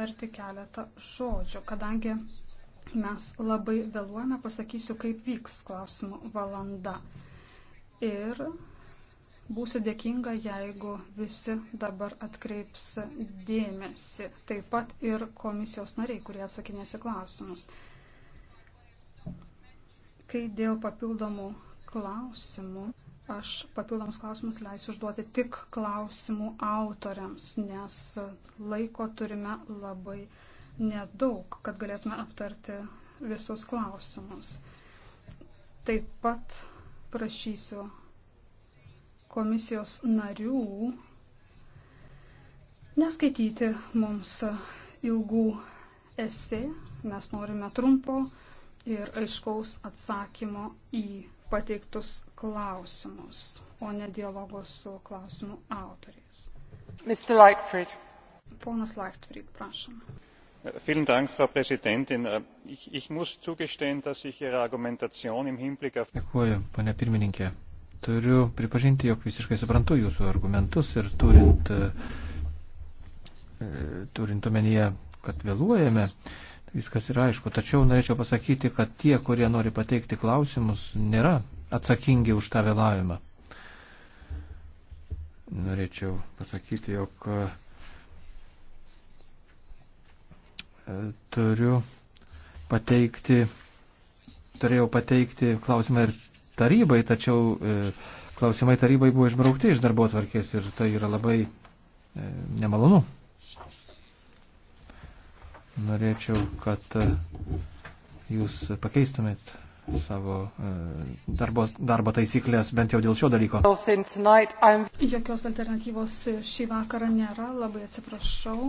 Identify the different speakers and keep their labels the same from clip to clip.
Speaker 1: tarti keletą žodžių, kadangi mes labai vėluojame, pasakysiu, kaip vyks klausimų valanda. Ir būsiu dėkinga, jeigu visi dabar atkreips dėmesį, taip pat ir komisijos nariai, kurie atsakinėsi klausimus. Kai dėl papildomų klausimų. Aš papildomus klausimus leisiu užduoti tik klausimų autoriams, nes laiko turime labai nedaug, kad galėtume aptarti visus klausimus. Taip pat prašysiu komisijos narių neskaityti mums ilgų esė, mes norime trumpo ir aiškaus atsakymo į pateiktus klausimus, o ne dialogo su klausimų autoriais. Mr. Lightfried. Ponas Lightfried, prašom.
Speaker 2: Vielen Dank, Frau Präsidentin. Äh, ich, ich muss zugestehen, dass ich Ihre Argumentation im Hinblick auf.
Speaker 3: Dėkuoju, ponia pirmininkė. Turiu pripažinti, jog visiškai suprantu Jūsų argumentus ir turint, äh, turint omenyje, kad vėluojame, uh, viskas yra aišku. Tačiau norėčiau pasakyti, kad tie, kurie nori pateikti klausimus, nėra atsakingi už tą vėlavimą. Norėčiau pasakyti, jog e, turiu pateikti, turėjau pateikti klausimą ir tarybai, tačiau e, klausimai tarybai buvo išbraukti iš darbo tvarkės ir tai yra labai e, nemalonu norėčiau, kad e, jūs pakeistumėt savo e, darbo, darbo taisyklės bent jau dėl šio dalyko.
Speaker 1: Jokios alternatyvos šį vakarą nėra, labai atsiprašau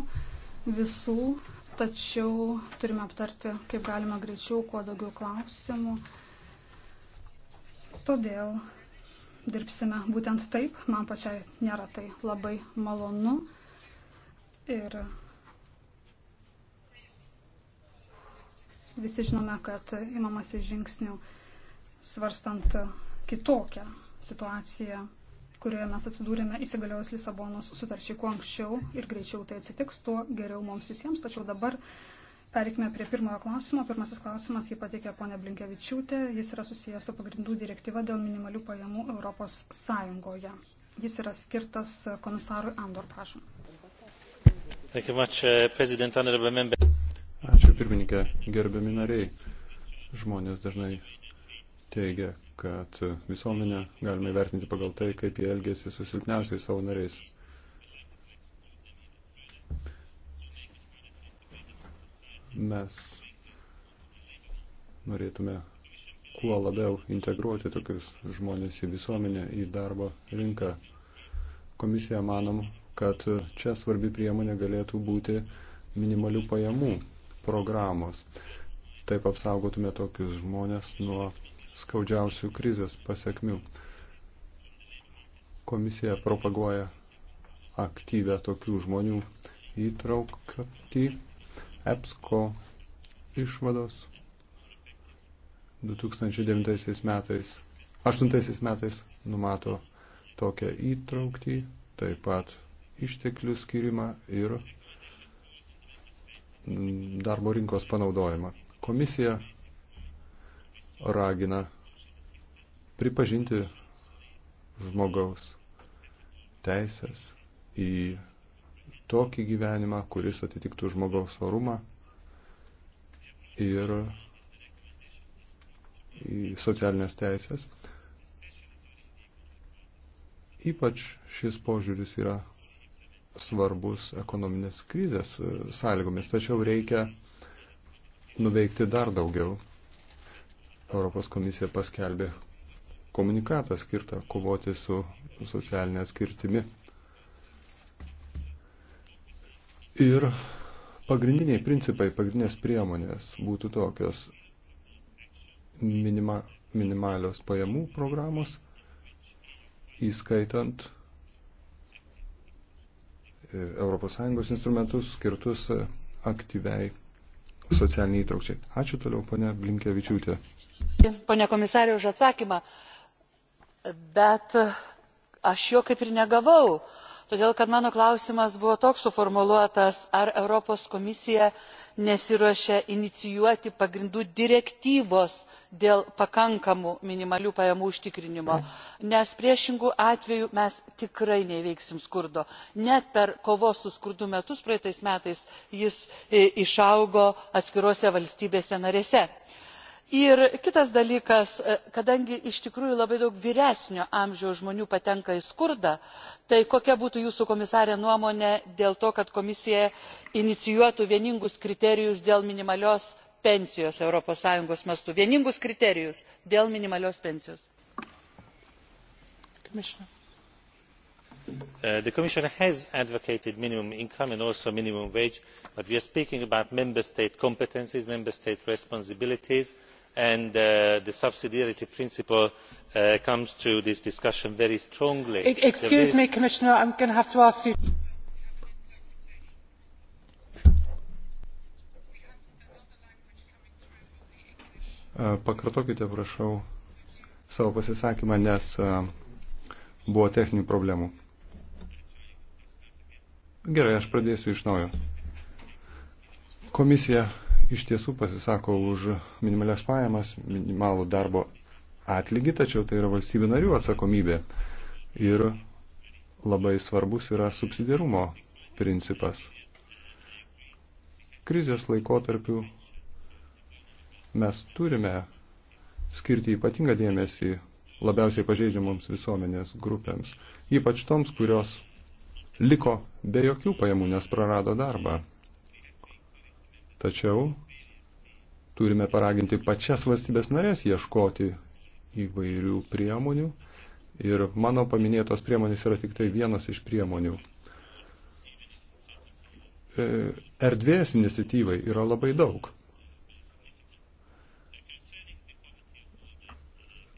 Speaker 1: visų, tačiau turime aptarti, kaip galima greičiau, kuo daugiau klausimų. Todėl dirbsime būtent taip, man pačiai nėra tai labai malonu. Ir Visi žinome, kad imamasi žingsnių svarstant kitokią situaciją, kurioje mes atsidūrėme įsigaliojus Lisabonos sutarčiai kuo anksčiau ir greičiau tai atsitiks, tuo geriau mums visiems. Tačiau dabar Perikime prie pirmojo klausimo. Pirmasis klausimas jį pateikė ponia Blinkevičiūtė. Jis yra susijęs su pagrindų direktyva dėl minimalių pajamų Europos Sąjungoje. Jis yra skirtas komisarui Andor, prašom.
Speaker 2: Ačiū pirmininkė, gerbiami nariai. Žmonės dažnai teigia, kad visuomenę galime vertinti pagal tai, kaip jie elgėsi su silpniausiais savo nariais. Mes norėtume kuo labiau integruoti tokius žmonės į visuomenę, į darbo rinką. Komisija manom, kad čia svarbi priemonė galėtų būti minimalių pajamų programos. Taip apsaugotume tokius žmonės nuo skaudžiausių krizės pasiekmių. Komisija propaguoja aktyvę tokių žmonių įtraukti EPSCO išvados 2009 metais, 2008 metais numato tokią įtraukti, taip pat išteklių skirimą ir darbo rinkos panaudojimą. Komisija ragina pripažinti žmogaus teisės į tokį gyvenimą, kuris atitiktų žmogaus orumą ir į socialinės teisės. Ypač šis požiūris yra svarbus ekonominės krizės sąlygomis, tačiau reikia nuveikti dar daugiau. Europos komisija paskelbė komunikatą skirtą kovoti su socialinė skirtimi. Ir pagrindiniai principai, pagrindinės priemonės būtų tokios minima, minimalios pajamų programos, įskaitant ES instrumentus skirtus aktyviai socialiniai įtraukčiai. Ačiū toliau, ponia Blinkevičiūtė.
Speaker 1: Pone komisarė, už atsakymą, bet aš jo kaip ir negavau todėl kad mano klausimas buvo toks suformuluotas ar europos komisija nesiruošia inicijuoti pagrindų direktyvos dėl pakankamų minimalių pajamų užtikrinimo nes priešingu atveju mes tikrai neįveiksime skurdo net per kovos su skurdu metus praeitais metais jis e, išaugo atskirose valstybėse narėse ir kitas dalykas e, kadangi iš tikrųjų labai daug vyresnio amžiaus žmonių patenka į skurdą tai kokia būtų jūsų komisare nuomonė dėl to kad komisija inicijuotų vieningus kriterijus dėl minimalios pensijos europos sąjungos mastu vieningus kriterijus dėl minimalios pensijos? Uh,
Speaker 2: the commission has advocated minimum income and also minimum wage but we are speaking about member state competences member state responsibilities and and uh, the subsidiarity principle uh, comes to this discussion very strongly. E-, excuse me
Speaker 3: commissioner i am going to have to ask you
Speaker 2: uh, Pakartokite, prašau, savo pasisakymą, nes buvo techninių problemų. Gerai, aš pradėsiu iš naujo. Komisija iš tiesų pasisako už minimalias pajamas, minimalų darbo atlygį, tačiau tai yra valstybių narių atsakomybė. Ir labai svarbus yra subsidiarumo principas. Krizės laikotarpiu mes turime skirti ypatingą dėmesį labiausiai pažeidžiamoms visuomenės grupėms, ypač toms, kurios liko be jokių pajamų, nes prarado darbą. Tačiau turime paraginti pačias valstybės narės ieškoti įvairių priemonių ir mano paminėtos priemonės yra tik tai vienas iš priemonių. E, erdvės iniciatyvai yra labai daug.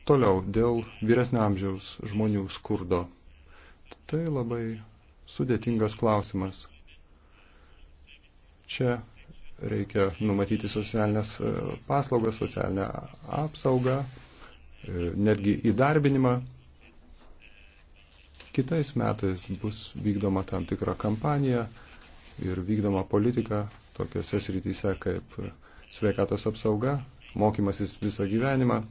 Speaker 2: Toliau, dėl vyresnio amžiaus žmonių skurdo. Tai labai sudėtingas klausimas. Čia reikia numatyti socialinės e, paslaugas, socialinę apsaugą, e, netgi įdarbinimą. Kitais metais bus vykdoma tam tikra kampanija ir vykdoma politika tokiuose srityse kaip sveikatos apsauga, mokymasis visą gyvenimą.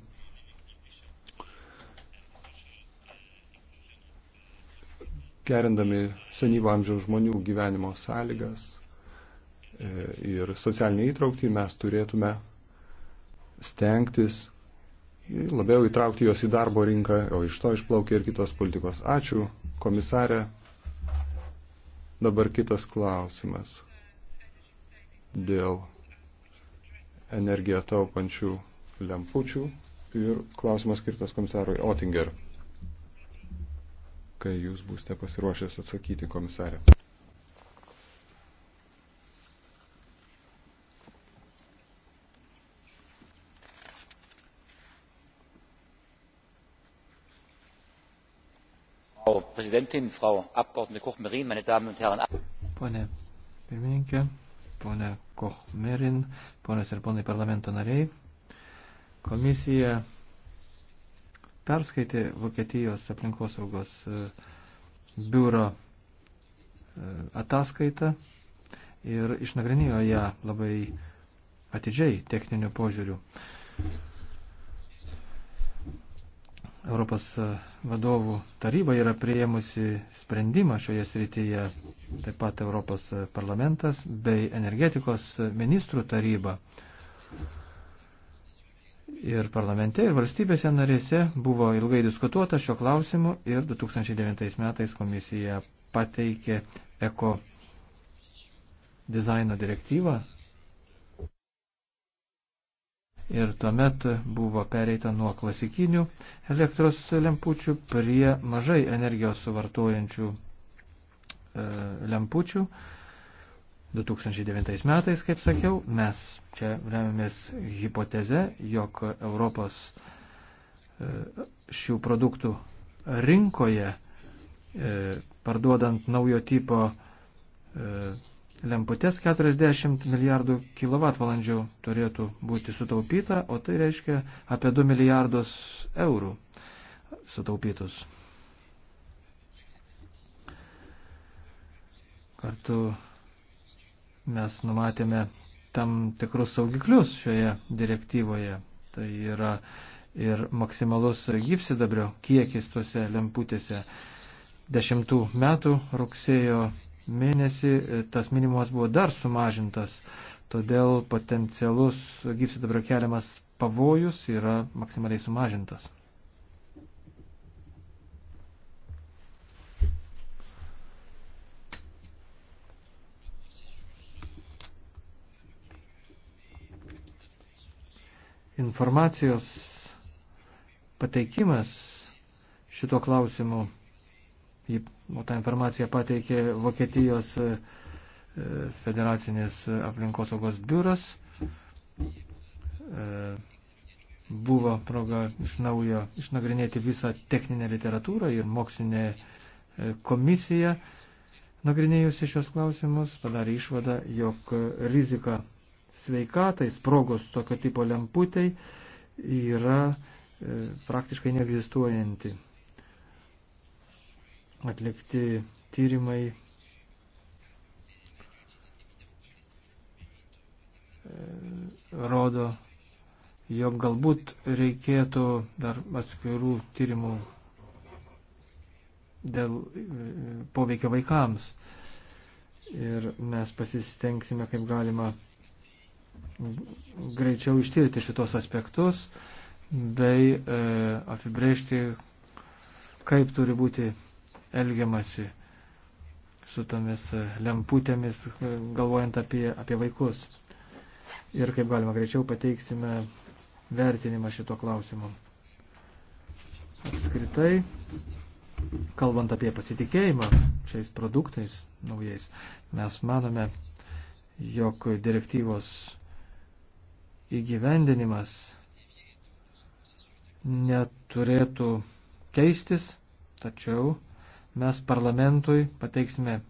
Speaker 2: Gerindami senyvo amžiaus žmonių gyvenimo sąlygas, E, ir socialinį įtraukti mes turėtume stengtis labiau įtraukti juos į darbo rinką, o iš to išplaukia ir kitos politikos. Ačiū, komisarė. Dabar kitas klausimas dėl energiją taupančių lempučių ir klausimas skirtas komisarui Otinger. Kai jūs būsite pasiruošęs atsakyti, komisarė.
Speaker 3: präsidentin frau abgeordnete koch merin meine damen und herren pone pirmininke pone koch merin ponios ir ponai parlamento nariai komisija perskaitė vokietijos aplinkosaugos e, biuro e, ataskaitą ir išnagrinėjo ją labai atidžiai techniniu požiūriu. Europos e, vadovų taryba yra prieimusi sprendimą šioje srityje, taip pat Europos parlamentas bei energetikos ministrų taryba. Ir parlamente, ir valstybėse narėse buvo ilgai diskutuota šio klausimu ir 2009 metais komisija pateikė eko dizaino direktyvą Ir tuomet buvo pereita nuo klasikinių elektros lempučių prie mažai energijos suvartojančių e, lempučių. 2009 metais, kaip sakiau, mes čia remiamės hipoteze, jog Europos e, šių produktų rinkoje e, parduodant naujo tipo e, lemputės 40 milijardų kWh turėtų būti sutaupyta, o tai reiškia apie 2 milijardus eurų sutaupytus. Kartu mes numatėme tam tikrus saugiklius šioje direktyvoje. Tai yra ir maksimalus gyvsidabrio kiekis tose lemputėse. Dešimtų metų rugsėjo mėnesį e, tas minimumas buvo dar sumažintas, todėl potencialus gyvsidabrio keliamas pavojus yra maksimaliai sumažintas. Informacijos pateikimas šito klausimu o tą informaciją pateikė Vokietijos e, e, federacinės aplinkosaugos biuras. E, buvo proga iš naujo išnagrinėti visą techninę literatūrą ir mokslinę komisiją, nagrinėjusi šios klausimus, padarė išvadą, jog rizika sveikatai, sprogos tokio tipo lemputei yra praktiškai neegzistuojanti atlikti tyrimai e, rodo, jog galbūt reikėtų dar atskirų tyrimų dėl e, poveikio vaikams. Ir mes pasistengsime, kaip galima greičiau ištirti šitos aspektus bei e, apibrėžti, kaip turi būti elgiamasi su tomis lemputėmis, galvojant apie, apie vaikus. Ir kaip galima greičiau pateiksime vertinimą šito klausimu. Apskritai, kalbant apie pasitikėjimą šiais produktais naujais, mes manome, jog direktyvos įgyvendinimas neturėtų keistis, tačiau mes parlamentui pateiksime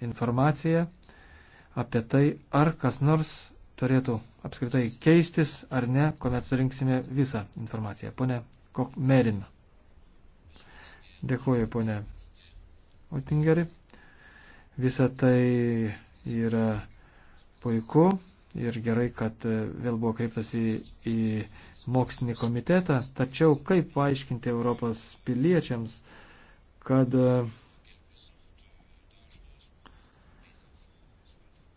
Speaker 3: informaciją apie tai, ar kas nors turėtų apskritai keistis ar ne, kuomet surinksime visą informaciją. Pone Kokmerin. Dėkuoju, pone Otingeri. Visa tai yra puiku ir gerai, kad vėl buvo kreiptas į, į mokslinį komitetą. Tačiau kaip paaiškinti Europos piliečiams, kad,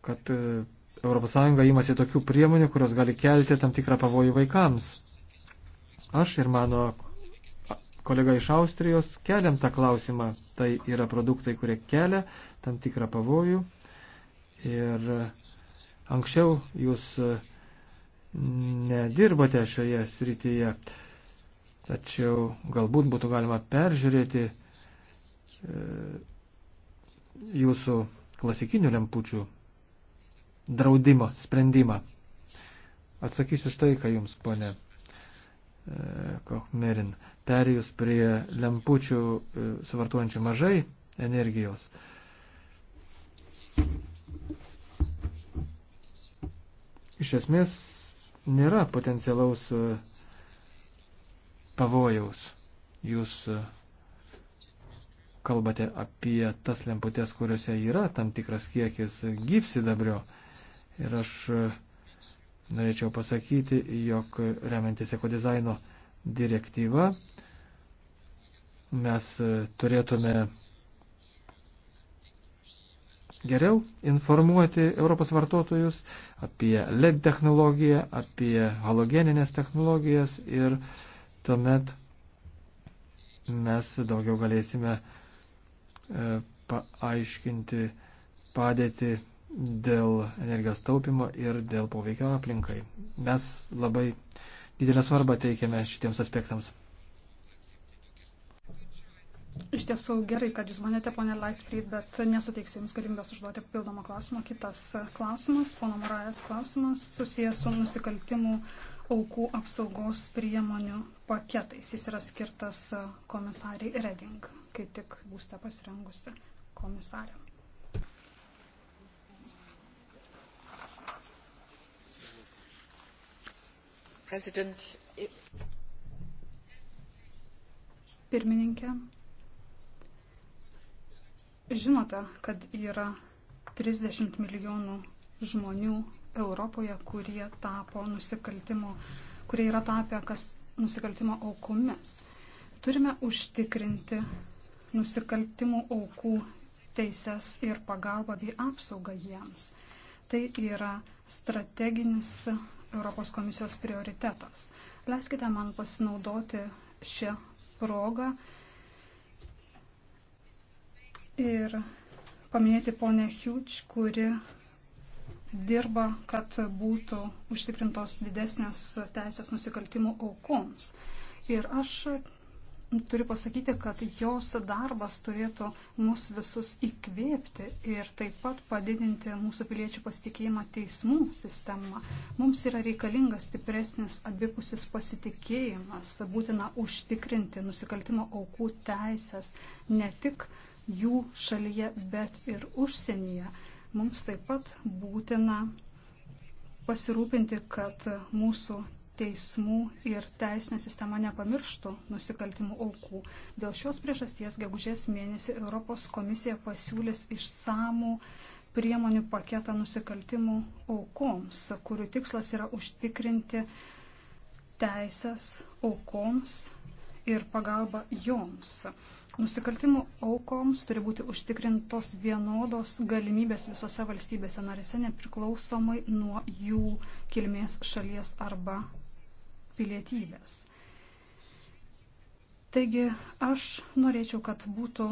Speaker 3: kad ES įmasi tokių priemonių, kurios gali kelti tam tikrą pavojų vaikams. Aš ir mano kolega iš Austrijos keliam tą klausimą. Tai yra produktai, kurie kelia tam tikrą pavojų. Ir e, anksčiau jūs e, nedirbote šioje srityje. Tačiau galbūt būtų galima peržiūrėti E, jūsų klasikinių lempučių draudimo sprendimą. Atsakysiu štai, ką jums, ponė e, Kochmerin, perėjus prie lempučių e, suvartuojančių mažai energijos. Iš esmės nėra potencialaus pavojaus. Jūs kalbate apie tas lemputės, kuriuose yra tam tikras kiekis gypsidabrio. Ir aš e, norėčiau pasakyti, jog remiantis ekodizaino direktyva mes e, turėtume geriau informuoti Europos vartotojus apie LED technologiją, apie halogeninės technologijas ir tuomet mes daugiau galėsime uh, E, paaiškinti padėtį dėl energijos taupimo ir dėl poveikio aplinkai. Mes labai didelę svarbą teikiame šitiems aspektams.
Speaker 1: Iš tiesų gerai, kad jūs manėte, ponė Lightfried, bet nesuteiksiu Jums galimybės užduoti papildomą klausimą. Kitas klausimas, pono Morajas klausimas, susijęs su nusikaltimu aukų apsaugos priemonių paketais. Jis yra skirtas komisariai Reding, kai tik būsite pasirengusi komisarė. Pirmininkė, žinote, kad yra 30 milijonų žmonių Europoje, kurie tapo nusikaltimo, kurie yra tapę kas nusikaltimo aukomis. Turime užtikrinti nusikaltimų aukų teises ir pagalbą bei apsaugą jiems. Tai yra strateginis Europos komisijos prioritetas. Leiskite man pasinaudoti šią progą ir paminėti ponę Huge, kuri dirba, kad būtų užtikrintos didesnės teisės nusikaltimų aukoms. Ir aš turiu pasakyti, kad jos darbas turėtų mus visus įkvėpti ir taip pat padidinti mūsų piliečių pasitikėjimą teismų sistema. Mums yra reikalingas stipresnis abipusis pasitikėjimas, būtina užtikrinti nusikaltimo aukų teisės ne tik jų šalyje, bet ir užsienyje. Mums taip pat būtina pasirūpinti, kad mūsų teismų ir teisinė sistema nepamirštų nusikaltimų aukų. Dėl šios priežasties gegužės mėnesį Europos komisija pasiūlys išsamų priemonių paketą nusikaltimų aukoms, kurių tikslas yra užtikrinti teisės aukoms ir pagalbą joms. Nusikaltimų aukoms turi būti užtikrintos vienodos galimybės visose valstybėse narėse, nepriklausomai nuo jų kilmės šalies arba pilietybės. Taigi aš norėčiau, kad būtų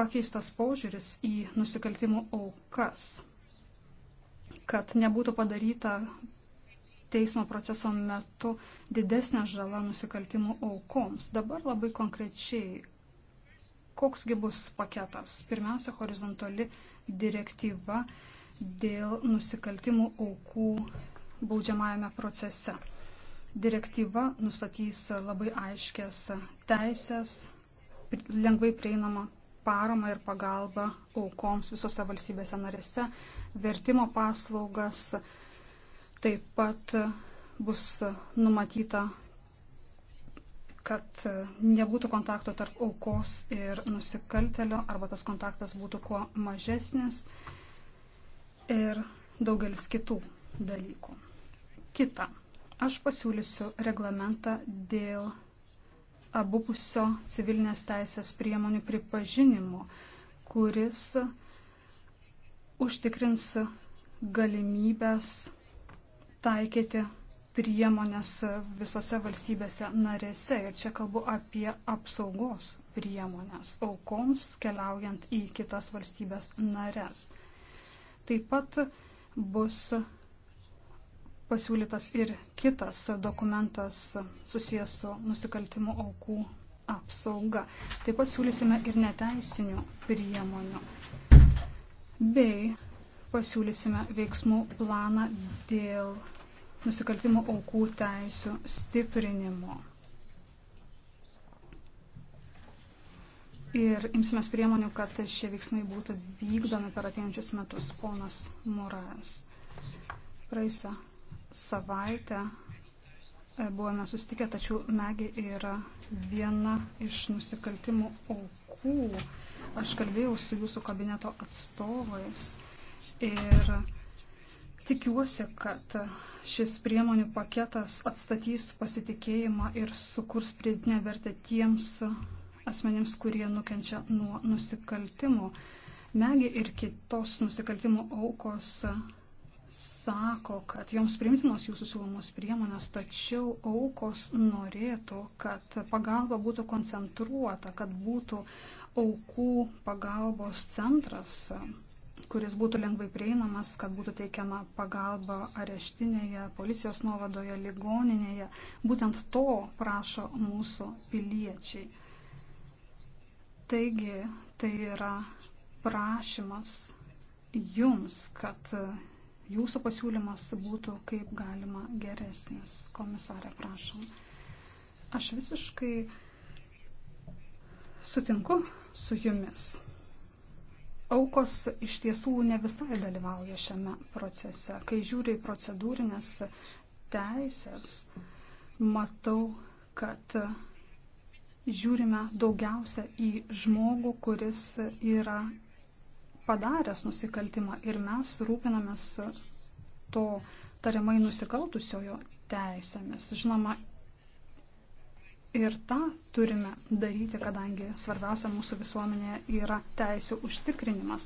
Speaker 1: pakeistas požiūris į nusikaltimų aukas, kad nebūtų padaryta teismo proceso metu didesnė žala nusikaltimų aukoms. Dabar labai konkrečiai Koksgi bus paketas? Pirmiausia, horizontali direktyva dėl nusikaltimų aukų baudžiamajame procese. Direktyva nustatys labai aiškias teisės, lengvai prieinama parama ir pagalba aukoms visose valstybėse narėse, vertimo paslaugas, taip pat bus numatyta kad e, nebūtų kontakto tarp aukos ir nusikaltelio, arba tas kontaktas būtų kuo mažesnis ir daugelis kitų dalykų. Kita. Aš pasiūlysiu reglamentą dėl abipusio civilinės teisės priemonių pripažinimo, kuris užtikrins galimybės taikyti priemonės visose valstybėse narėse. Ir čia kalbu apie apsaugos priemonės aukoms keliaujant į kitas valstybės narės. Taip pat bus pasiūlytas ir kitas dokumentas susijęs su nusikaltimo aukų apsauga. Taip pat siūlysime ir neteisinių priemonių. Bei pasiūlysime veiksmų planą dėl nusikaltimų aukų teisų stiprinimo. Ir imsimės priemonių, kad šie veiksmai būtų vykdomi per ateinančius metus. Ponas Muras. Praėjusią savaitę e, buvome sustikę, tačiau Megi yra viena iš nusikaltimų aukų. Aš kalbėjau su jūsų kabineto atstovais ir Tikiuosi, kad šis priemonių paketas atstatys pasitikėjimą ir sukurs pridinę vertę tiems asmenims, kurie nukenčia nuo nusikaltimų. Megi ir kitos nusikaltimų aukos sako, kad joms primtinos jūsų siūlomos priemonės, tačiau aukos norėtų, kad pagalba būtų koncentruota, kad būtų aukų pagalbos centras kuris būtų lengvai prieinamas, kad būtų teikiama pagalba areštinėje, policijos nuovadoje, ligoninėje. Būtent to prašo mūsų piliečiai. Taigi tai yra prašymas jums, kad jūsų pasiūlymas būtų kaip galima geresnis. Komisarė, prašom. Aš visiškai sutinku su jumis. Aukos iš tiesų ne visai dalyvauja šiame procese. Kai žiūriu į procedūrinės teisės, matau, kad žiūrime daugiausia į žmogų, kuris yra padaręs nusikaltimą ir mes rūpinamės to tariamai nusikaltusiojo teisėmis. Žinoma, Ir tą turime daryti, kadangi svarbiausia mūsų visuomenėje yra teisų užtikrinimas.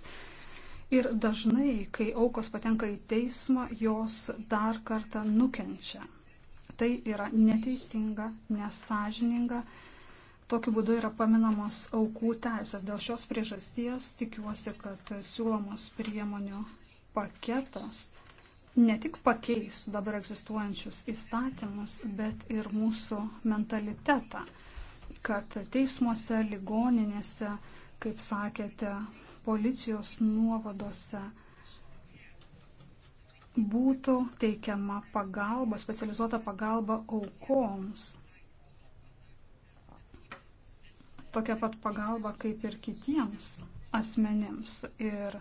Speaker 1: Ir dažnai, kai aukos patenka į teismą, jos dar kartą nukenčia. Tai yra neteisinga, nesažininga. Tokiu būdu yra paminamos aukų teisės. Dėl šios priežasties tikiuosi, kad siūlomas priemonių paketas ne tik pakeis dabar egzistuojančius įstatymus, bet ir mūsų mentalitetą, kad teismuose, ligoninėse, kaip sakėte, policijos nuovadose būtų teikiama pagalba, specializuota pagalba aukoms. Tokia pat pagalba kaip ir kitiems asmenims. Ir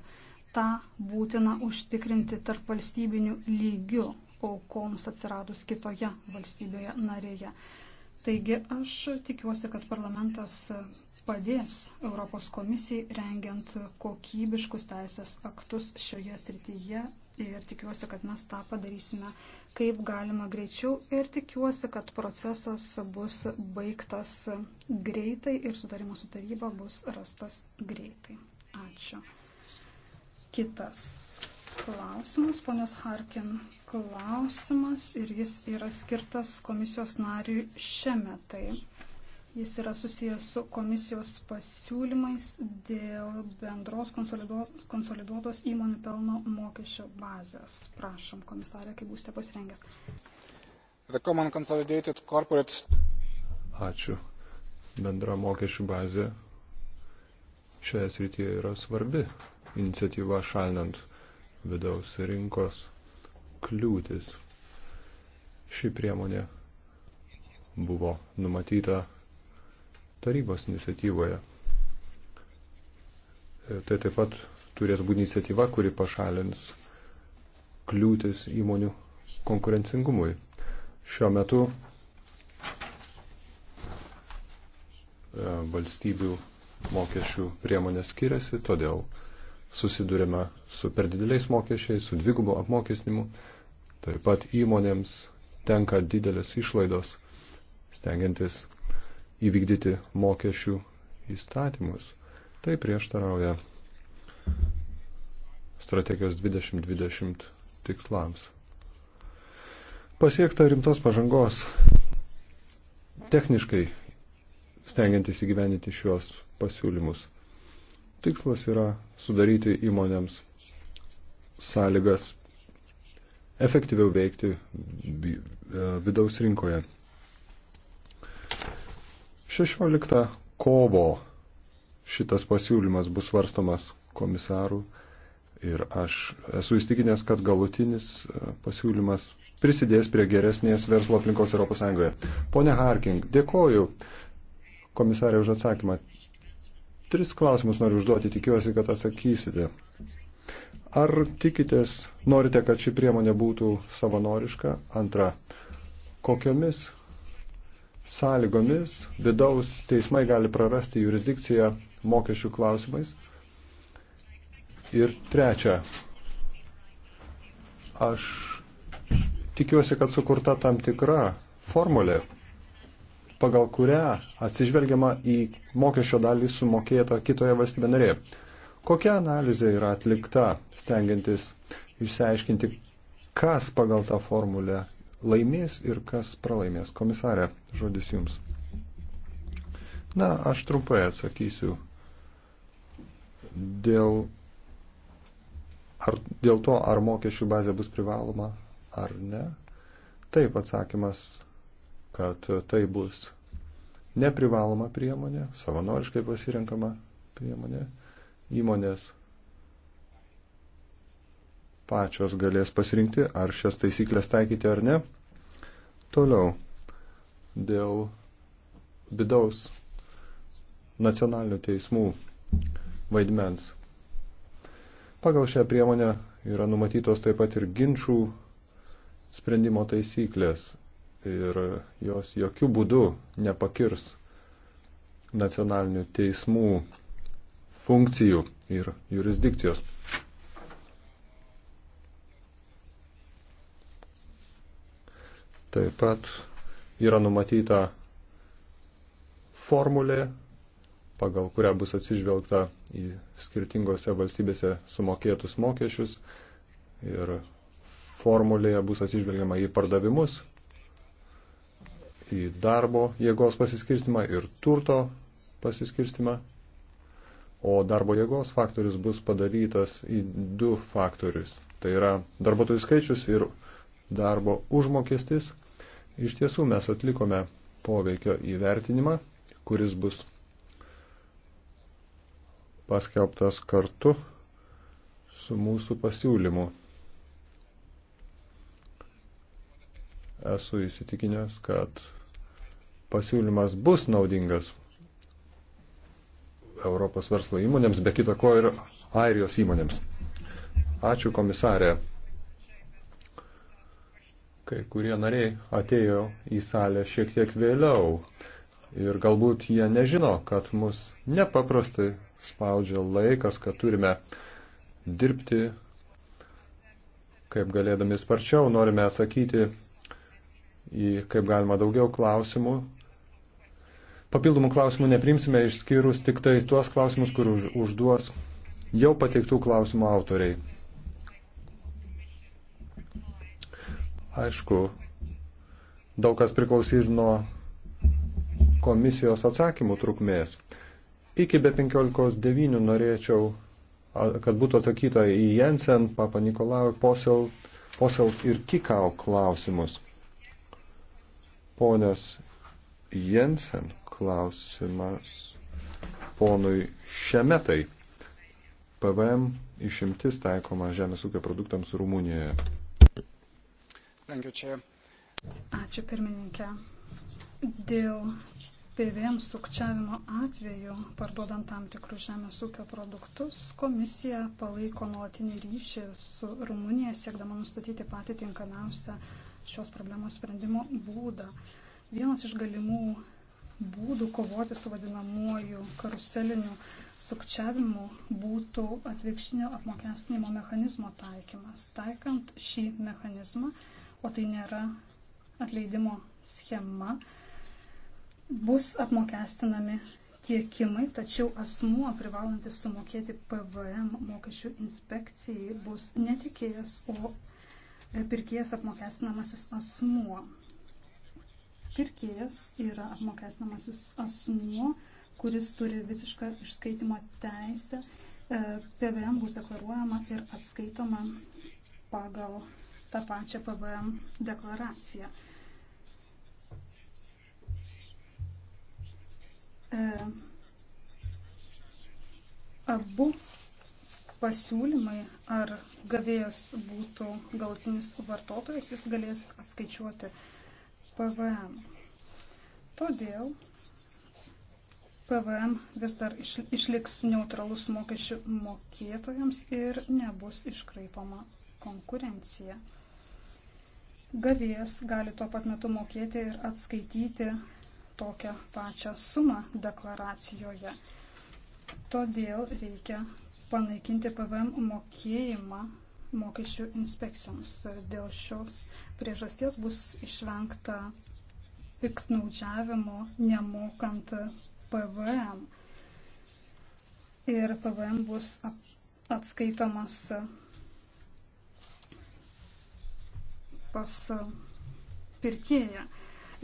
Speaker 1: tą būtina užtikrinti tarp valstybinių lygių aukoms atsiradus kitoje valstybėje narėje. Taigi aš tikiuosi, kad parlamentas padės Europos komisijai rengiant kokybiškus teisės aktus šioje srityje ir tikiuosi, kad mes tą padarysime kaip galima greičiau ir tikiuosi, kad procesas bus baigtas greitai ir sutarimas su taryba bus rastas greitai. Ačiū. Kitas klausimas, ponios Harkin klausimas ir jis yra skirtas komisijos nariui šiame. Tai jis yra susijęs su komisijos pasiūlymais dėl bendros konsoliduotos, konsoliduotos įmonių pelno mokesčio bazės. Prašom, komisarė, kai būsite pasirengęs.
Speaker 2: Corporate... Ačiū. Bendra mokesčių bazė šioje srityje yra svarbi iniciatyva šalinant vidaus rinkos kliūtis. Ši priemonė buvo numatyta tarybos iniciatyvoje. E, tai taip pat turėtų būti iniciatyva, kuri pašalins kliūtis įmonių konkurencingumui. Šiuo metu e, valstybių mokesčių priemonės skiriasi, todėl susidurime su per dideliais mokesčiais, su dvigubu apmokestinimu. Taip pat įmonėms tenka didelės išlaidos, stengiantis įvykdyti mokesčių įstatymus. Tai prieštarauja strategijos 2020 tikslams. Pasiekta rimtos pažangos techniškai stengiantis įgyveninti šios pasiūlymus. Tikslas yra sudaryti įmonėms sąlygas efektyviau veikti e, vidaus rinkoje. 16 kovo šitas pasiūlymas bus svarstamas komisarų ir aš esu įstikinęs, kad galutinis e, pasiūlymas prisidės prie geresnės verslo aplinkos ES. Pone Harking, dėkoju komisarė už atsakymą. Tris klausimus noriu užduoti, tikiuosi, kad atsakysite. Ar tikitės, norite, kad ši priemonė būtų savanoriška? Antra, kokiomis sąlygomis vidaus teismai gali prarasti jurisdikciją mokesčių klausimais? Ir trečia, aš tikiuosi, kad sukurta tam tikra formulė pagal kurią atsižvelgiama į mokesčio dalį sumokėtą kitoje valstybė narėje. Kokia analizė yra atlikta, stengiantis išsiaiškinti, kas pagal tą formulę laimės ir kas pralaimės? Komisarė, žodis jums. Na, aš trumpai atsakysiu dėl, ar, dėl to, ar mokesčių bazė bus privaloma ar ne. Taip atsakymas kad tai bus neprivaloma priemonė, savanoriškai pasirenkama priemonė. Įmonės pačios galės pasirinkti, ar šias taisyklės taikyti ar ne. Toliau, dėl vidaus nacionalinių teismų vaidmens. Pagal šią priemonę yra numatytos taip pat ir ginčių sprendimo taisyklės ir jos jokių būdų nepakirs nacionalinių teismų funkcijų ir jurisdikcijos. Taip pat yra numatyta formulė, pagal kurią bus atsižvelgta į skirtingose valstybėse sumokėtus mokesčius ir formulėje bus atsižvelgiama į pardavimus, į darbo jėgos pasiskirstimą ir turto pasiskirstimą, o darbo jėgos faktorius bus padalytas į du faktorius. Tai yra darbuotojų skaičius ir darbo užmokestis. Iš tiesų mes atlikome poveikio įvertinimą, kuris bus paskelbtas kartu su mūsų pasiūlymu. Esu įsitikinęs, kad pasiūlymas bus naudingas Europos verslo įmonėms, be kita ko ir Airijos įmonėms. Ačiū komisarė. Kai kurie nariai atėjo į salę šiek tiek vėliau ir galbūt jie nežino, kad mus nepaprastai spaudžia laikas, kad turime dirbti, kaip galėdami sparčiau, norime atsakyti į kaip galima daugiau klausimų, Papildomų klausimų neprimsime, išskyrus tik tai tuos klausimus, kur už, užduos jau pateiktų klausimų autoriai. Aišku, daug kas priklausys ir nuo komisijos atsakymų trukmės. Iki be 15.9 norėčiau, kad būtų atsakyta į Jensen, Papa Nikolau, Posel, Posel ir Kikau klausimus. Ponios Jensen klausimas ponui Šemetai. PVM išimtis taikoma žemės ūkio produktams Rumunijoje.
Speaker 3: Ačiū
Speaker 1: pirmininkė. Dėl PVM sukčiavimo atveju, parduodant tam tikrus žemės ūkio produktus, komisija palaiko nuolatinį ryšį su Rumunija, siekdama nustatyti patį tinkamiausią šios problemos sprendimo būdą. Vienas iš galimų būdų kovoti su vadinamuoju karuseliniu sukčiavimu būtų atvirkštinio apmokestinimo mechanizmo taikymas. Taikant šį mechanizmą, o tai nėra atleidimo schema, bus apmokestinami tiekimai, tačiau asmuo privalantis sumokėti PVM mokesčių inspekcijai bus netikėjęs, o pirkėjas apmokestinamasis asmuo pirkėjas yra apmokestinamasis asmuo, kuris turi visišką išskaitimo teisę. E, PVM bus deklaruojama ir atskaitoma pagal tą pačią PVM deklaraciją. E, abu pasiūlymai, ar gavėjas būtų galutinis vartotojas, jis galės atskaičiuoti uh, PVM. Todėl PVM vis dar išliks neutralus mokesčių mokėtojams ir nebus iškraipama konkurencija. Gavėjas gali tuo pat metu mokėti ir atskaityti tokią pačią sumą deklaracijoje. Todėl reikia panaikinti PVM mokėjimą mokesčių inspekcijoms. Dėl šios priežasties bus išvengta piktnaudžiavimo nemokant PVM. Ir PVM bus atskaitomas pas pirkėją.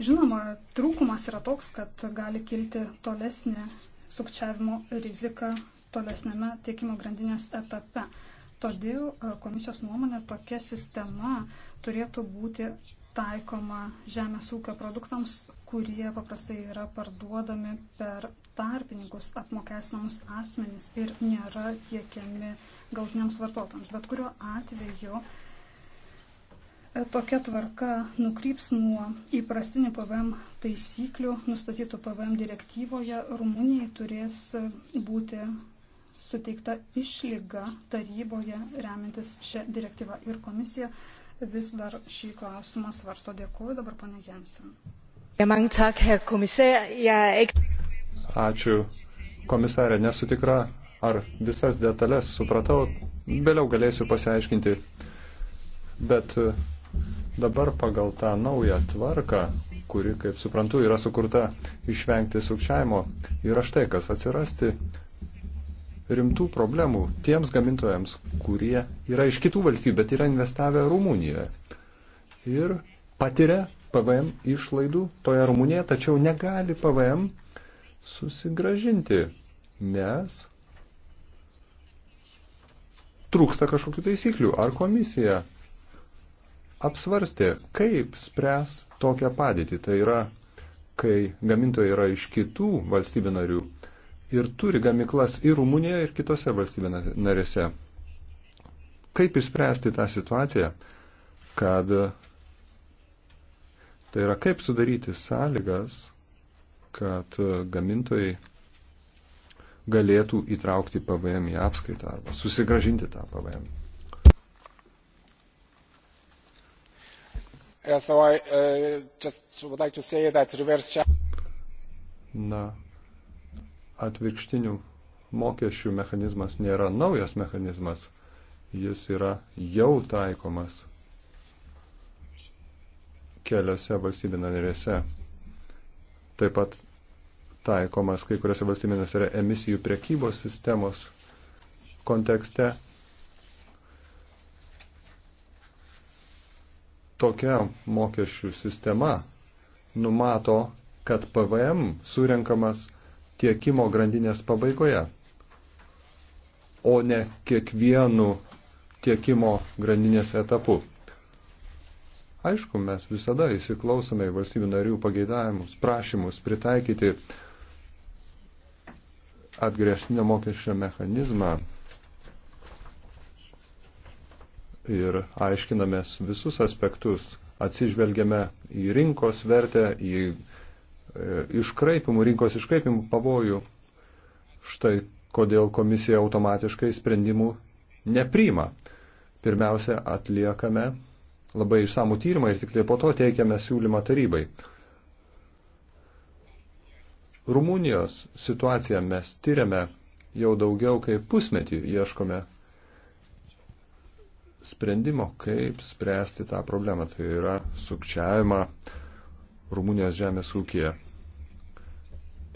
Speaker 1: Žinoma, trūkumas yra toks, kad gali kilti tolesnė sukčiavimo rizika tolesnėme tiekimo grandinės etape. Todėl e, komisijos nuomonė tokia sistema turėtų būti taikoma žemės ūkio produktams, kurie paprastai yra parduodami per tarpininkus apmokestinamus asmenys ir nėra tiekiami galtiniams vartotojams. Bet kuriuo atveju e, tokia tvarka nukryps nuo įprastinių PVM taisyklių nustatytų PVM direktyvoje, Rumunijai turės e, būti suteikta išlyga taryboje remiantis šią direktyvą ir komisija vis dar šį klausimą svarsto. Dėkuoju dabar, pane Jensen.
Speaker 2: Ačiū, komisarė, nesu tikra, ar visas detalės supratau, vėliau galėsiu pasiaiškinti. Bet e, dabar pagal tą naują tvarką, kuri, kaip suprantu, yra sukurta išvengti sukčiavimo, yra štai kas atsirasti rimtų problemų tiems gamintojams, kurie yra iš kitų valstybių, bet yra investavę Rumunijoje ir patiria PVM išlaidų toje Rumunijoje, tačiau negali PVM susigražinti, nes trūksta kažkokių taisyklių. Ar komisija apsvarstė, kaip spręs tokią padėtį? Tai yra, kai gamintojai yra iš kitų valstybių narių, ir turi gamiklas ir Rumunijoje, ir kitose valstybėse narėse. Kaip išspręsti tą situaciją, kad tai yra kaip sudaryti sąlygas, kad gamintojai galėtų įtraukti PVM į apskaitą arba susigražinti tą PVM. Yeah, so I, uh, just would like to say that reverse... Na, atvirkštinių mokesčių mechanizmas nėra naujas mechanizmas, jis yra jau taikomas keliose valstybė narėse. Taip pat taikomas kai kuriuose valstybėse yra emisijų priekybos sistemos kontekste. Tokia mokesčių sistema numato, kad PVM surenkamas tiekimo grandinės pabaigoje, o ne kiekvienu tiekimo grandinės etapu. Aišku, mes visada įsiklausome į valstybių narių pageidavimus, prašymus pritaikyti atgrėžtinio mokesčio mechanizmą ir aiškinamės visus aspektus, atsižvelgiame į rinkos vertę, į iškraipimų, rinkos iškraipimų pavojų. Štai kodėl komisija automatiškai sprendimų nepriima. Pirmiausia, atliekame labai išsamų tyrimą ir tik tai po to teikiame siūlymą tarybai. Rumunijos situaciją mes tyriame jau daugiau kaip pusmetį, ieškome sprendimo, kaip spręsti tą problemą. Tai yra sukčiavimą Rumunijos žemės ūkija.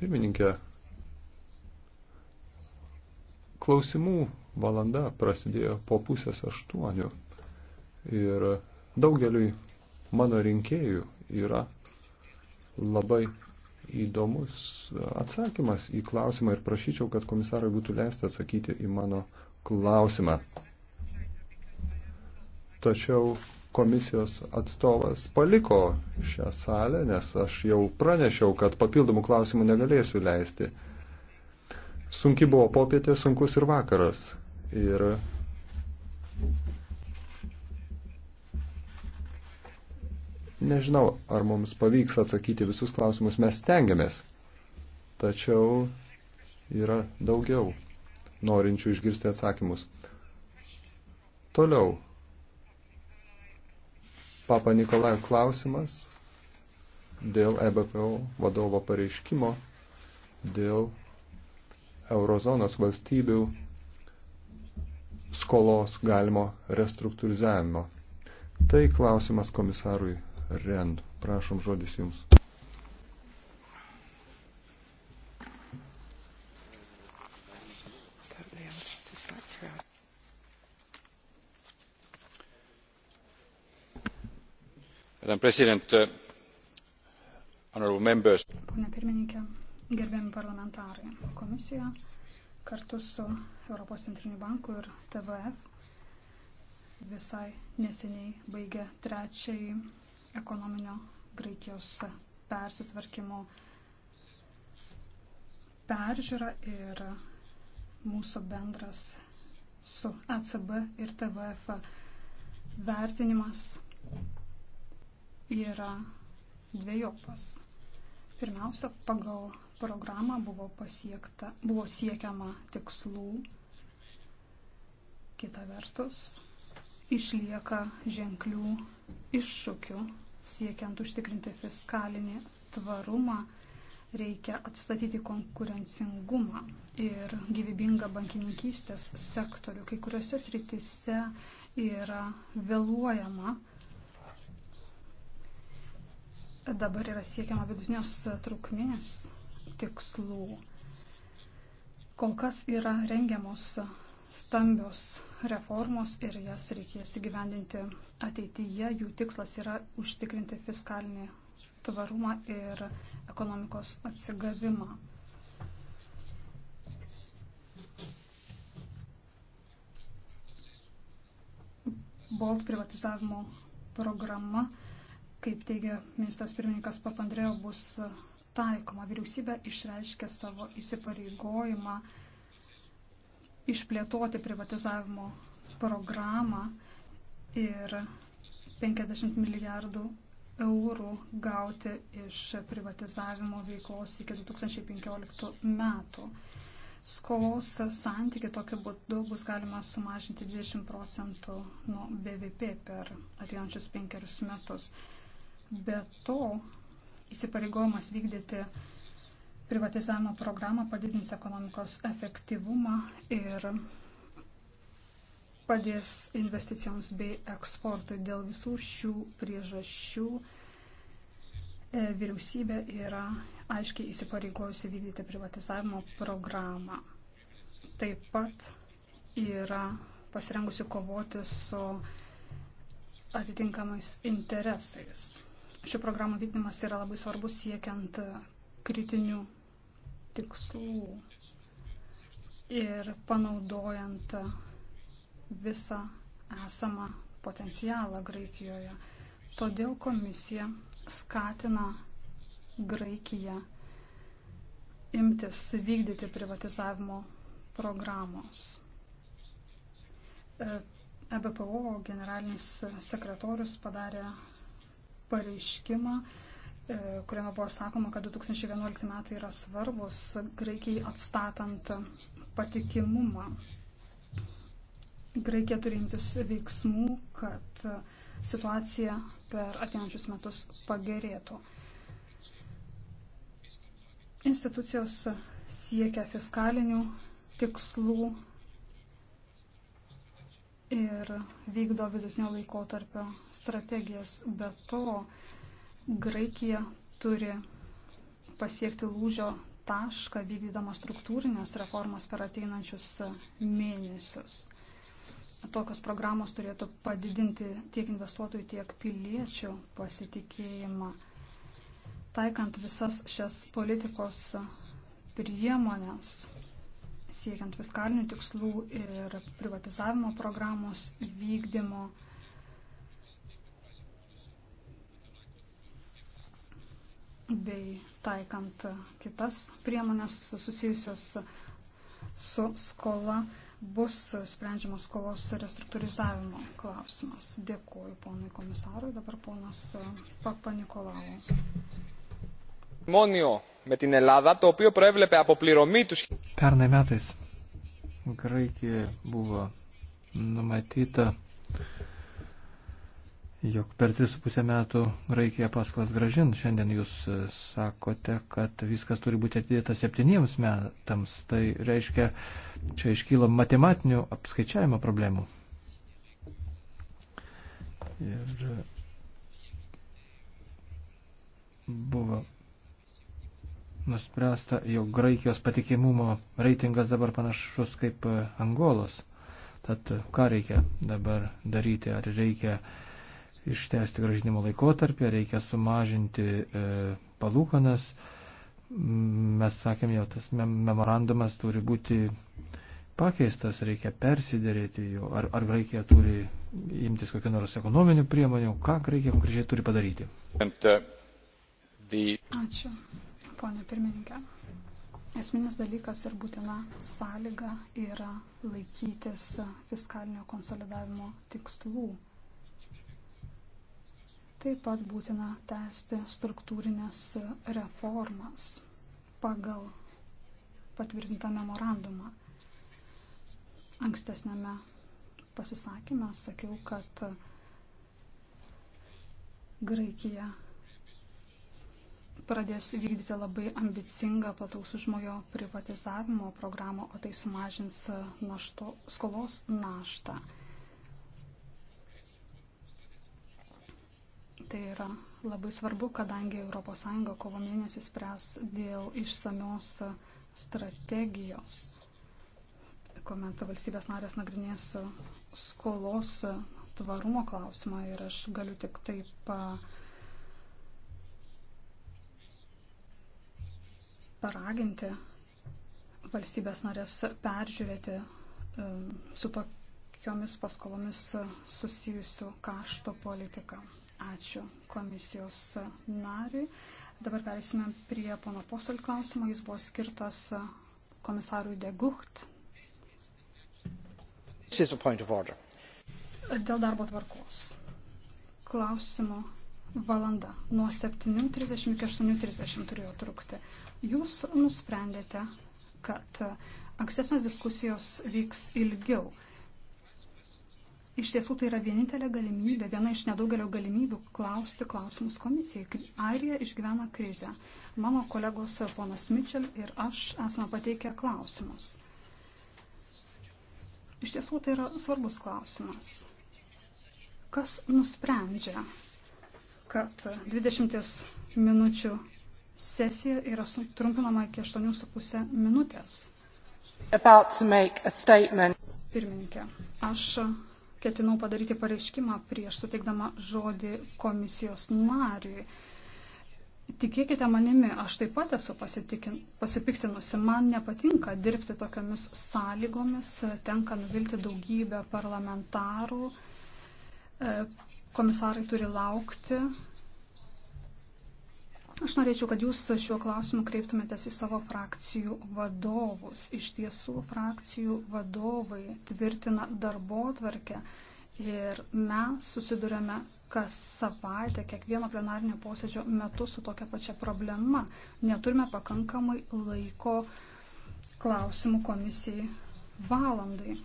Speaker 2: Pirmininkė, klausimų valanda prasidėjo po pusės aštuonių ir daugeliui mano rinkėjų yra labai įdomus atsakymas į klausimą ir prašyčiau, kad komisarai būtų leisti atsakyti į mano klausimą. Tačiau komisijos atstovas paliko šią salę, nes aš jau pranešiau, kad papildomų klausimų negalėsiu leisti. Sunki buvo popietė, sunkus ir vakaras. Ir nežinau, ar mums pavyks atsakyti visus klausimus, mes stengiamės. Tačiau yra daugiau norinčių išgirsti atsakymus. Toliau Papa Nikolai klausimas dėl EBPO vadovo pareiškimo, dėl eurozonos valstybių skolos galimo restruktūrizavimo. Tai klausimas komisarui Rend. Prašom žodis jums. Uh, Pone
Speaker 1: pirmininkė, gerbėmi parlamentarai, komisija kartu su Europos centriniu banku ir TVF visai neseniai baigė trečiąjį ekonominio Graikijos persitvarkymo peržiūrą ir mūsų bendras su ECB ir TVF vertinimas yra dviejopas. Pirmiausia, pagal programą buvo, pasiekta, buvo siekiama tikslų, kita vertus išlieka ženklių iššūkių siekiant užtikrinti fiskalinį tvarumą reikia atstatyti konkurencingumą ir gyvybingą bankininkystės sektorių. Kai kuriuose srityse yra vėluojama dabar yra siekiama vidutinės trukmės tikslų. Kol kas yra rengiamos stambios reformos ir jas reikės įgyvendinti ateityje. Jų tikslas yra užtikrinti fiskalinį tvarumą ir ekonomikos atsigavimą. Bolt privatizavimo programa kaip teigia ministras pirmininkas Papandrėjo, bus e, taikoma. Vyriausybė išreiškė savo įsipareigojimą išplėtoti privatizavimo programą ir 50 milijardų eurų gauti iš privatizavimo veiklos iki 2015 metų. Skolos santyki tokiu būdu bus galima sumažinti 20 procentų nuo BVP per ateinančius penkerius metus. Be to, įsipareigojimas vykdyti privatizavimo programą padidins ekonomikos efektyvumą ir padės investicijoms bei eksportui. Dėl visų šių priežasčių e, vyriausybė yra aiškiai įsipareigojusi vykdyti privatizavimo programą. Taip pat yra pasirengusi kovoti su atitinkamais interesais. Šių programų vykdymas yra labai svarbus siekiant e, kritinių tikslų ir panaudojant visą esamą potencialą Graikijoje. Todėl komisija skatina Graikiją imtis vykdyti privatizavimo programos. EBPO e generalinis sekretorius padarė pareiškimą, e, kuriame buvo sakoma, kad 2011 metai yra svarbus Graikijai atstatant patikimumą. Graikija turintis veiksmų, kad situacija per ateinančius metus pagerėtų. Institucijos siekia fiskalinių tikslų ir vykdo vidutinio laikotarpio strategijas. Be to, Graikija turi pasiekti lūžio tašką vykdydama struktūrinės reformas per ateinančius mėnesius. Tokios programos turėtų padidinti tiek investuotojų, tiek piliečių pasitikėjimą. Taikant visas šias politikos priemonės, siekiant fiskalinių tikslų ir privatizavimo programos vykdymo. bei taikant kitas priemonės susijusias su skola bus sprendžiamas kovos restruktūrizavimo klausimas. Dėkuoju ponui komisarui, dabar ponas Papa Nikolau.
Speaker 2: Monio με την Ελλάδα, το οποίο προέβλεπε αποπληρωμή τους...
Speaker 3: Pernai metais Graikijoje buvo numatyta, jog per 3,5 metų Graikija paskolas gražin. Šiandien jūs e, sakote, kad viskas turi būti atidėta 7 metams. Tai reiškia, čia iškyla matematinių apskaičiavimo problemų. Ir buvo nuspręsta, jog Graikijos patikimumo reitingas dabar panašus kaip e, Angolos. Tad e, ką reikia dabar daryti? Ar reikia ištęsti gražinimo laikotarpį, ar reikia sumažinti e, palūkanas? Mes sakėm, jau tas memorandumas turi būti pakeistas, reikia persiderėti jo, ar, ar Graikija turi imtis kokiu nors ekonominiu priemoniu, ką Graikija konkrečiai
Speaker 2: turi padaryti. And, uh, the...
Speaker 1: Ačiū ponė pirmininkė. Esminis dalykas ir būtina sąlyga yra laikytis fiskalinio konsolidavimo tikslų. Taip pat būtina tęsti struktūrinės reformas pagal patvirtintą memorandumą. Ankstesnėme pasisakymę sakiau, kad Graikija pradės vykdyti labai ambicingą plataus užmojo privatizavimo programą, o tai sumažins e, našto, skolos naštą. Tai yra labai svarbu, kadangi ES kovo mėnesį spręs dėl išsamios e, strategijos, kuomet valstybės narės nagrinės e, skolos tvarumo klausimą ir aš galiu tik taip paraginti valstybės narės peržiūrėti e, su tokiomis paskolomis susijusių kašto politiką. Ačiū komisijos nariui. Dabar perėsime prie pono posel klausimo. Jis buvo skirtas komisarui Degucht.
Speaker 3: Dėl
Speaker 1: darbo tvarkos. Klausimo valanda. Nuo 7.30 iki 8.30 turėjo trukti. Jūs nusprendėte, kad ankstesnės diskusijos vyks ilgiau. Iš tiesų tai yra vienintelė galimybė, viena iš nedaugelio galimybių klausti klausimus komisijai. Airija išgyvena krizę. Mano kolegos ponas Mitchell ir aš esame pateikę klausimus. Iš tiesų tai yra svarbus klausimas. Kas nusprendžia, kad 20 minučių sesija yra trumpinama iki 8,5 minutės. Pirmininkė, aš ketinau padaryti pareiškimą prieš suteikdama žodį komisijos nariui. Tikėkite manimi, aš taip pat esu pasipiktinusi, man nepatinka dirbti tokiamis sąlygomis, tenka nuvilti daugybę parlamentarų, e, komisarai turi laukti, Aš norėčiau, kad jūs šiuo klausimu kreiptumėtės į savo frakcijų vadovus. Iš tiesų, frakcijų vadovai tvirtina darbo tvarkę ir mes susidurėme kas savaitę, kiekvieno plenarinio posėdžio metu su tokia pačia problema. Neturime pakankamai laiko klausimų komisijai valandai.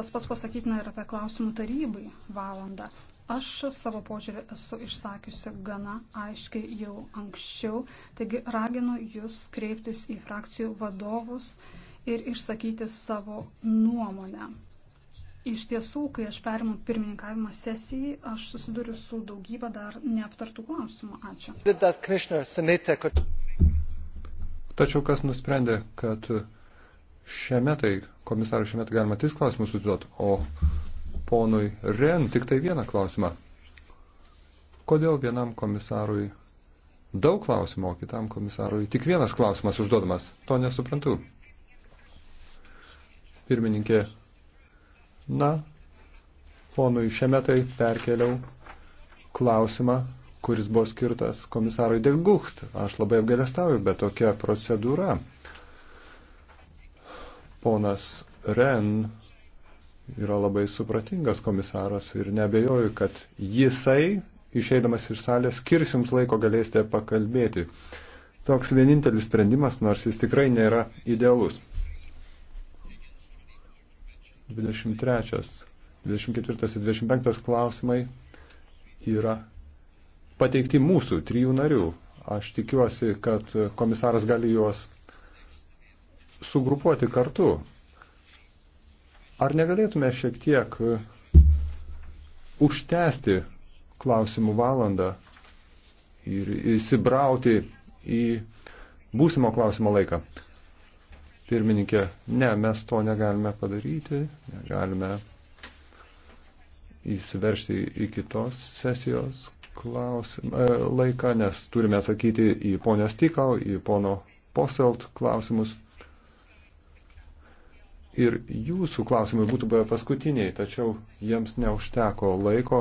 Speaker 1: Tas pats pasakytina ir apie klausimų tarybai valandą. Aš savo požiūrį esu išsakiusi gana aiškiai jau anksčiau, taigi raginu jūs kreiptis į frakcijų vadovus ir išsakyti savo nuomonę. Iš tiesų, kai aš perimu pirmininkavimą sesijai, aš susiduriu su daugybė dar neaptartų klausimų. Ačiū.
Speaker 2: Tačiau kas nusprendė, kad šiame tai komisarų šiame tai galima tris klausimus užduoti, o ponui Ren tik tai vieną klausimą. Kodėl vienam komisarui daug klausimų, o kitam komisarui tik vienas klausimas užduodamas? To nesuprantu. Pirmininkė, na, ponui Šemetai perkeliau klausimą, kuris buvo skirtas komisarui Degucht. Aš labai apgalėstauju, bet tokia procedūra. Ponas Ren yra labai supratingas komisaras ir nebejoju, kad jisai, išeidamas iš salės, skirs jums laiko galėsite pakalbėti. Toks vienintelis sprendimas, nors jis tikrai nėra idealus. 23, 24 ir 25 klausimai yra pateikti mūsų trijų narių. Aš tikiuosi, kad komisaras gali juos sugrupuoti kartu. Ar negalėtume šiek tiek e, užtęsti klausimų valandą ir įsibrauti į būsimo klausimo laiką? Pirmininkė, ne, mes to negalime padaryti, negalime įsiveršti į kitos sesijos klausimą, e, laiką, nes turime atsakyti į ponios Tikau, į pono Poselt klausimus ir jūsų klausimai būtų buvę paskutiniai, tačiau jiems neužteko laiko,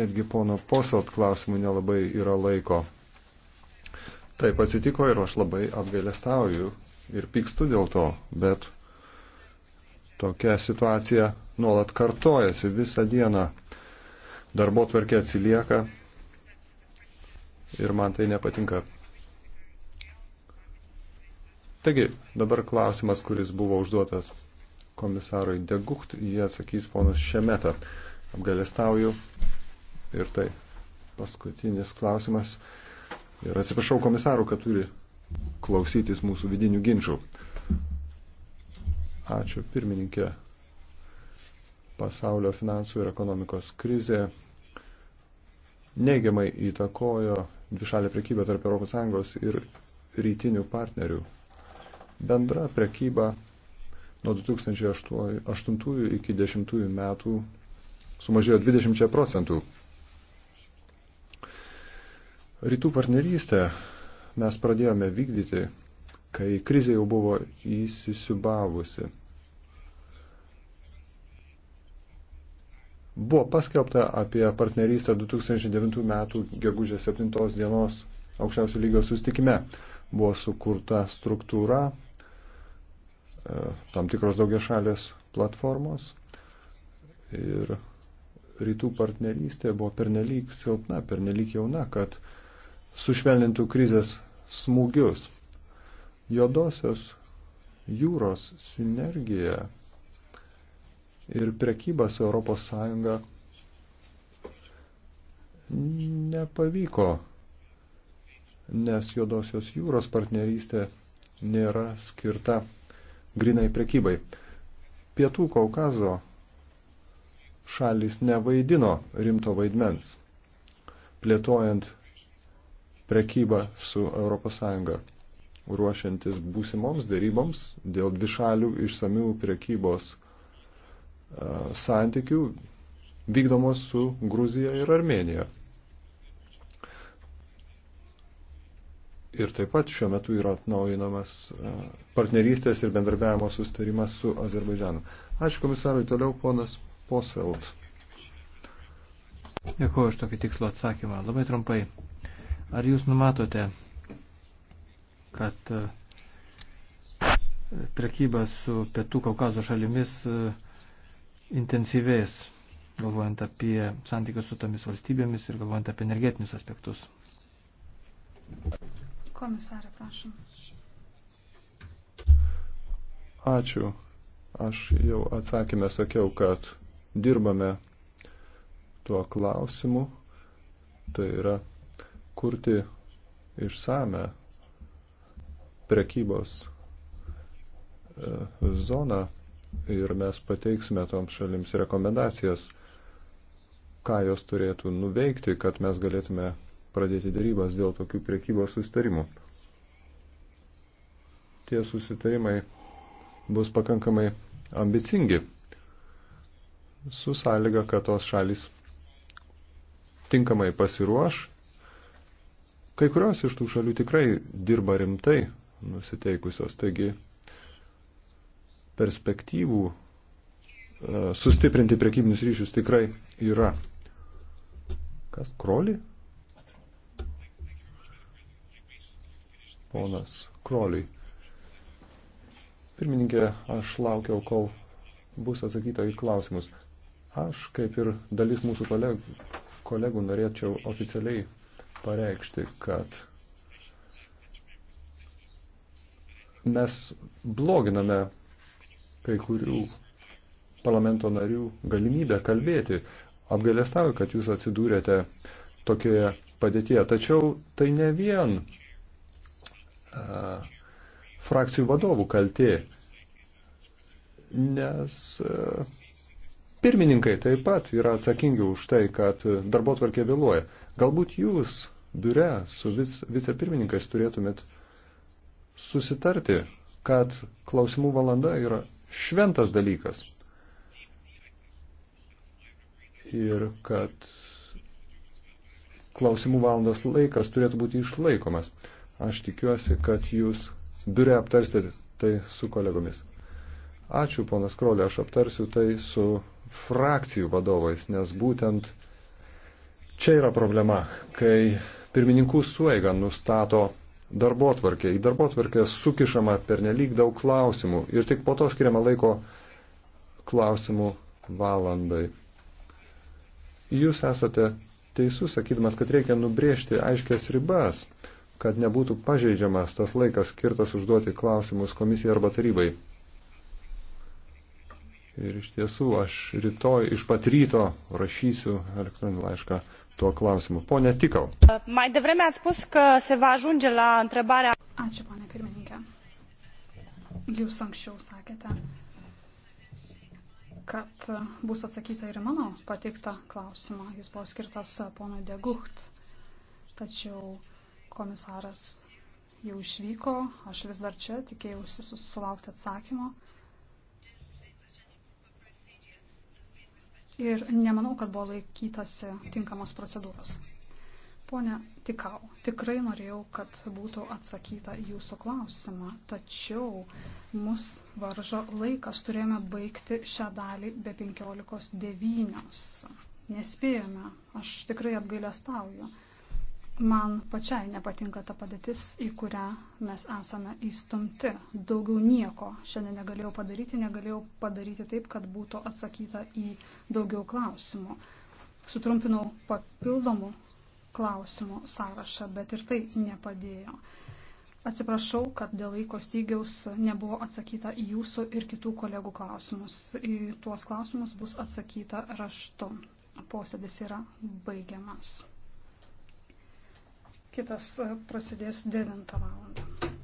Speaker 2: netgi pono posalt klausimų nelabai yra laiko. Taip atsitiko ir aš labai apgailestauju ir pykstu dėl to, bet tokia situacija nuolat kartojasi visą dieną. Darbo tvarkė atsilieka ir man tai nepatinka. Taigi, dabar klausimas, kuris buvo užduotas komisarui Degucht, jie atsakys ponas Šemeta. Apgalėstauju. Ir tai paskutinis klausimas. Ir atsiprašau komisarų, kad turi klausytis mūsų vidinių ginčių. Ačiū pirmininkė. Pasaulio finansų ir ekonomikos krizė neigiamai įtakojo dvišalę prekybę tarp ES ir rytinių partnerių. Bendra prekyba nuo 2008 iki 2010 metų sumažėjo 20 procentų. Rytų partnerystę mes pradėjome vykdyti, kai krizė jau buvo įsisiubavusi. Buvo paskelbta apie partnerystę 2009 metų gegužės 7 dienos aukščiausio lygio sustikime. Buvo sukurta struktūra, E, tam tikros daugiašalės platformos ir rytų partnerystė buvo pernelyg silpna, pernelyg jauna, kad sušvelnintų krizės smūgius. Jodosios jūros sinergija ir prekyba su ES nepavyko, nes Jodosios jūros partnerystė nėra skirta grinai prekybai. Pietų Kaukazo šalis nevaidino rimto vaidmens, plėtojant prekybą su ES, ruošiantis būsimoms dėryboms dėl dvišalių išsamių prekybos e, santykių vykdomos su Gruzija ir Armenija. Ir taip pat šiuo metu yra atnaujinamas e, partnerystės ir bendarbiavimo sustarimas su Azerbaidžianu. Ačiū komisarui, toliau ponas Poselt.
Speaker 3: Dėkuoju už tokį tikslų atsakymą. Labai trumpai. Ar jūs numatote, kad e, prekyba su pietų Kaukazo šalimis e, intensyvės, galvojant apie santykius su tomis valstybėmis ir galvojant apie energetinius aspektus?
Speaker 1: Komisarė, prašom.
Speaker 2: Ačiū. Aš jau atsakymę sakiau, kad dirbame tuo klausimu. Tai yra kurti išsame prekybos e, zoną ir mes pateiksime toms šalims rekomendacijas, ką jos turėtų nuveikti, kad mes galėtume pradėti darybas dėl tokių priekybos sustarimų. Tie susitarimai bus pakankamai ambicingi, su sąlyga, kad tos šalis tinkamai pasiruoš. Kai kurios iš tų šalių tikrai dirba rimtai nusiteikusios, taigi perspektyvų e, sustiprinti prekybinius ryšius tikrai yra. Kas kroli? ponas Kroliui. Pirmininkė, aš laukiau, kol bus atsakyta į klausimus. Aš, kaip ir dalis mūsų kolegų, kolegų norėčiau oficialiai pareikšti, kad mes bloginame kai kurių parlamento narių galimybę kalbėti. Apgalėstauju, kad jūs atsidūrėte tokioje padėtyje. Tačiau tai ne vien frakcijų vadovų kalti, nes pirmininkai taip pat yra atsakingi už tai, kad darbo tvarkė vėluoja. Galbūt jūs biure su vis, vicepirmininkais turėtumėt susitarti, kad klausimų valanda yra šventas dalykas. Ir kad klausimų valandos laikas turėtų būti išlaikomas. Aš tikiuosi, kad jūs biure aptarsite tai su kolegomis. Ačiū, ponas Krolė, aš aptarsiu tai su frakcijų vadovais, nes būtent čia yra problema, kai pirmininkų suėga nustato darbo tvarkė. Į darbo tvarkę sukišama per nelik daug klausimų ir tik po to skiriama laiko klausimų valandai. Jūs esate teisus, sakydamas, kad reikia nubrėžti aiškias ribas kad nebūtų pažeidžiamas tas laikas skirtas užduoti klausimus komisijai arba tarybai. Ir iš tiesų aš rytoj iš pat ryto rašysiu elektroninį laišką tuo klausimu. Pone Tikau.
Speaker 1: Mai devreme ați spus că se va ajunge la întrebarea... Ačiū, pane pirmininkė. Jūs anksčiau sakėte, kad bus atsakyta ir mano pateiktą klausimą. Jis buvo skirtas pono Degucht. Tačiau komisaras jau išvyko, aš vis dar čia, tikėjausi susilaukti atsakymo. Ir nemanau, kad buvo laikytasi tinkamos procedūros. Pone Tikau, tikrai norėjau, kad būtų atsakyta jūsų klausimą, tačiau mus varžo laikas, turėjome baigti šią dalį be 15.9. Nespėjome, aš tikrai apgailestauju. stauju. Man pačiai nepatinka ta padėtis, į kurią mes esame įstumti. Daugiau nieko šiandien negalėjau padaryti, negalėjau padaryti taip, kad būtų atsakyta į daugiau klausimų. Sutrumpinau papildomų klausimų sąrašą, bet ir tai nepadėjo. Atsiprašau, kad dėl laiko stygiaus nebuvo atsakyta į jūsų ir kitų kolegų klausimus. Į tuos klausimus bus atsakyta raštu. Posėdis yra baigiamas kitas e, prasidės 9 val.